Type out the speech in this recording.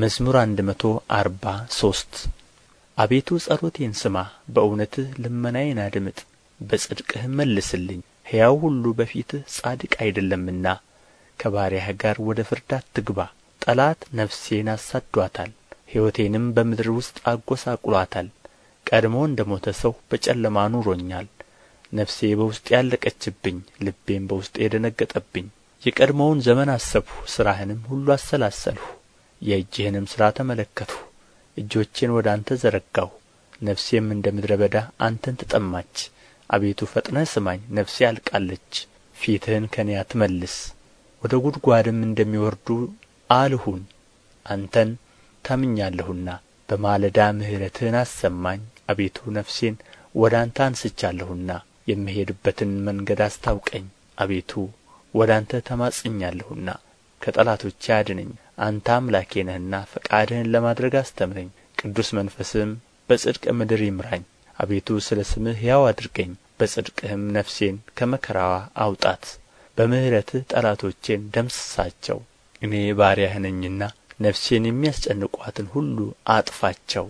መዝሙር አንድ መቶ አርባ ሶስት አቤቱ ጸሎቴን ስማ፣ በእውነትህ ልመናዬን አድምጥ፣ በጽድቅህ መልስልኝ። ሕያው ሁሉ በፊትህ ጻድቅ አይደለምና ከባሪያህ ጋር ወደ ፍርድ አትግባ። ጠላት ነፍሴን አሳዷታል፣ ሕይወቴንም በምድር ውስጥ አጐሳቁሏታል። ቀድሞ እንደ ሞተ ሰው በጨለማ ኑሮኛል። ነፍሴ በውስጤ ያለቀችብኝ፣ ልቤም በውስጤ የደነገጠብኝ። የቀድሞውን ዘመን አሰብሁ፣ ሥራህንም ሁሉ አሰላሰልሁ። የእጅህንም ሥራ ተመለከትሁ እጆቼን ወደ አንተ ዘረጋሁ ነፍሴም እንደ ምድረ በዳ አንተን ትጠማች አቤቱ ፈጥነህ ስማኝ ነፍሴ አልቃለች ፊትህን ከኔ አትመልስ ወደ ጉድጓድም እንደሚወርዱ አልሁን አንተን ታምኛለሁና በማለዳ ምሕረትህን አሰማኝ አቤቱ ነፍሴን ወደ አንተ አንስቻለሁና የምሄድበትን መንገድ አስታውቀኝ አቤቱ ወደ አንተ ተማጽኛለሁና ከጠላቶቼ አድነኝ አንተ አምላኬ ነህና ፈቃድህን ለማድረግ አስተምረኝ ቅዱስ መንፈስህም በጽድቅ ምድር ይምራኝ አቤቱ ስለ ስምህ ሕያው አድርገኝ በጽድቅህም ነፍሴን ከመከራዋ አውጣት በምሕረትህ ጠላቶቼን ደምስሳቸው እኔ ባሪያህ ነኝና ነፍሴን የሚያስጨንቋትን ሁሉ አጥፋቸው